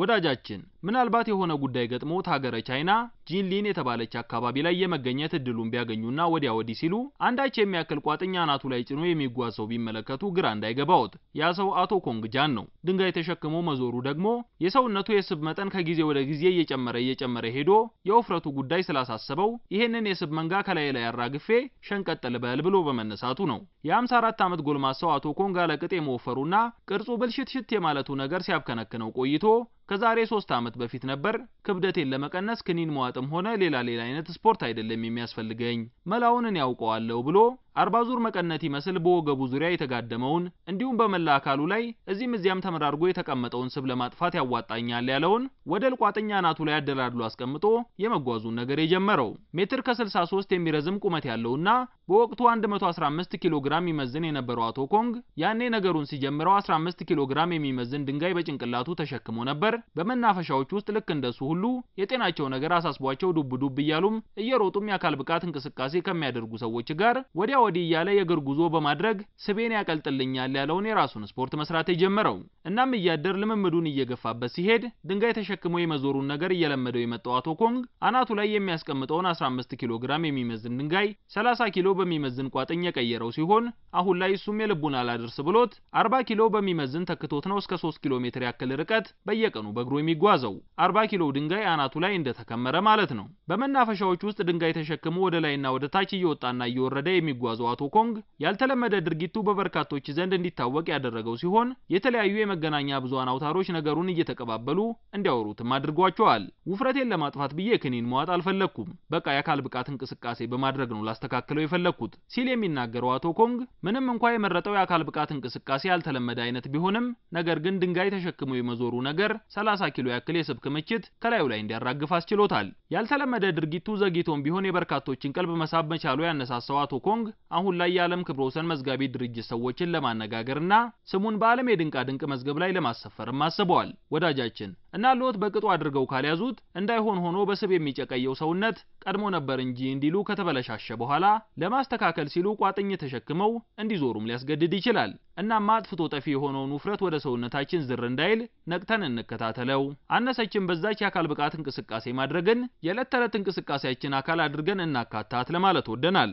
ወዳጃችን ምናልባት የሆነ ጉዳይ ገጥሞት ሀገረ ቻይና ጂንሊን የተባለች አካባቢ ላይ የመገኘት እድሉን ቢያገኙና ወዲያ ወዲህ ሲሉ አንዳች የሚያክል ቋጥኛ አናቱ ላይ ጭኖ የሚጓዝ ሰው ቢመለከቱ ግራ እንዳይገባዎት። ያ ሰው አቶ ኮንግ ጃን ነው። ድንጋይ ተሸክሞ መዞሩ ደግሞ የሰውነቱ የስብ መጠን ከጊዜ ወደ ጊዜ እየጨመረ እየጨመረ ሄዶ የውፍረቱ ጉዳይ ስላሳሰበው ይህንን የስብ መንጋ ከላይ ላይ አራግፌ ሸንቀጥ ልበል ብሎ በመነሳቱ ነው። የ54 ዓመት ጎልማሳው አቶ ኮንግ አለቅጥ የመወፈሩና ቅርጹ ብልሽትሽት የማለቱ ነገር ሲያብከነክነው ቆይቶ ከዛሬ ሶስት ዓመት ዓመት በፊት ነበር ክብደቴን ለመቀነስ ክኒን መዋጥም ሆነ ሌላ ሌላ አይነት ስፖርት አይደለም የሚያስፈልገኝ መላውን ያውቀዋለሁ ብሎ አርባ ዙር መቀነት ይመስል በወገቡ ዙሪያ የተጋደመውን እንዲሁም በመላ አካሉ ላይ እዚህም እዚያም ተመራርጎ የተቀመጠውን ስብ ለማጥፋት ያዋጣኛል ያለውን ወደ ቋጥኛ አናቱ ላይ አደላድሎ አስቀምጦ የመጓዙን ነገር የጀመረው ሜትር ከ63 የሚረዝም ቁመት ያለውና በወቅቱ 115 ኪሎ ግራም ይመዝን የነበረው አቶ ኮንግ ያኔ ነገሩን ሲጀምረው 15 ኪሎ ግራም የሚመዝን ድንጋይ በጭንቅላቱ ተሸክሞ ነበር። በመናፈሻዎች ውስጥ ልክ እንደሱ ሁሉ የጤናቸው ነገር አሳስቧቸው ዱብ ዱብ እያሉም እየሮጡም የአካል ብቃት እንቅስቃሴ ከሚያደርጉ ሰዎች ጋር ወዲያ ወዲህ እያለ የእግር ጉዞ በማድረግ ስቤን ያቀልጥልኛል ያለውን የራሱን ስፖርት መስራት የጀመረው። እናም እያደር ልምምዱን እየገፋበት ሲሄድ ድንጋይ ተሸክሞ የመዞሩን ነገር እየለመደው የመጣው አቶ ኮንግ አናቱ ላይ የሚያስቀምጠውን 15 ኪሎ ግራም የሚመዝን ድንጋይ 30 ኪሎ በሚመዝን ቋጥኝ የቀየረው ሲሆን አሁን ላይ እሱም የልቡን አላደርስ ብሎት 40 ኪሎ በሚመዝን ተክቶት ነው እስከ 3 ኪሎ ሜትር ያክል ርቀት በየቀኑ በእግሩ የሚጓዘው። 40 ኪሎ ድንጋይ አናቱ ላይ እንደተከመረ ማለት ነው። በመናፈሻዎች ውስጥ ድንጋይ ተሸክሞ ወደ ላይና ወደ ታች እየወጣና እየወረደ የሚጓዙ የተጓጓዘው አቶ ኮንግ ያልተለመደ ድርጊቱ በበርካቶች ዘንድ እንዲታወቅ ያደረገው ሲሆን የተለያዩ የመገናኛ ብዙሃን አውታሮች ነገሩን እየተቀባበሉ እንዲያወሩትም አድርጓቸዋል። ውፍረቴን ለማጥፋት ብዬ ክኒን መዋጥ አልፈለግኩም፣ በቃ የአካል ብቃት እንቅስቃሴ በማድረግ ነው ላስተካክለው የፈለግኩት ሲል የሚናገረው አቶ ኮንግ ምንም እንኳ የመረጠው የአካል ብቃት እንቅስቃሴ ያልተለመደ አይነት ቢሆንም ነገር ግን ድንጋይ ተሸክሞ የመዞሩ ነገር 30 ኪሎ ያክል የስብ ክምችት ከላዩ ላይ እንዲያራግፍ አስችሎታል። ያልተለመደ ድርጊቱ ዘግይቶም ቢሆን የበርካቶችን ቀልብ መሳብ መቻሉ ያነሳሳው አቶ ኮንግ አሁን ላይ የዓለም ክብረ ወሰን መዝጋቢ ድርጅት ሰዎችን ለማነጋገርና ስሙን በዓለም ድንቅ መዝገብ ላይ ለማሰፈርም አስበዋል። ወዳጃችን እና ልወት በቅጡ አድርገው ካልያዙት እንዳይሆን ሆኖ በስብ የሚጨቀየው ሰውነት ቀድሞ ነበር እንጂ እንዲሉ ከተበለሻሸ በኋላ ለማስተካከል ሲሉ ቋጥኝ ተሸክመው እንዲዞሩም ሊያስገድድ ይችላል። እናም አጥፍቶ ጠፊ የሆነውን ውፍረት ወደ ሰውነታችን ዝር እንዳይል ነቅተን እንከታተለው። አነሰችን በዛች የአካል ብቃት እንቅስቃሴ ማድረግን የዕለት ተዕለት እንቅስቃሴያችን አካል አድርገን እናካታት ለማለት ወደናል።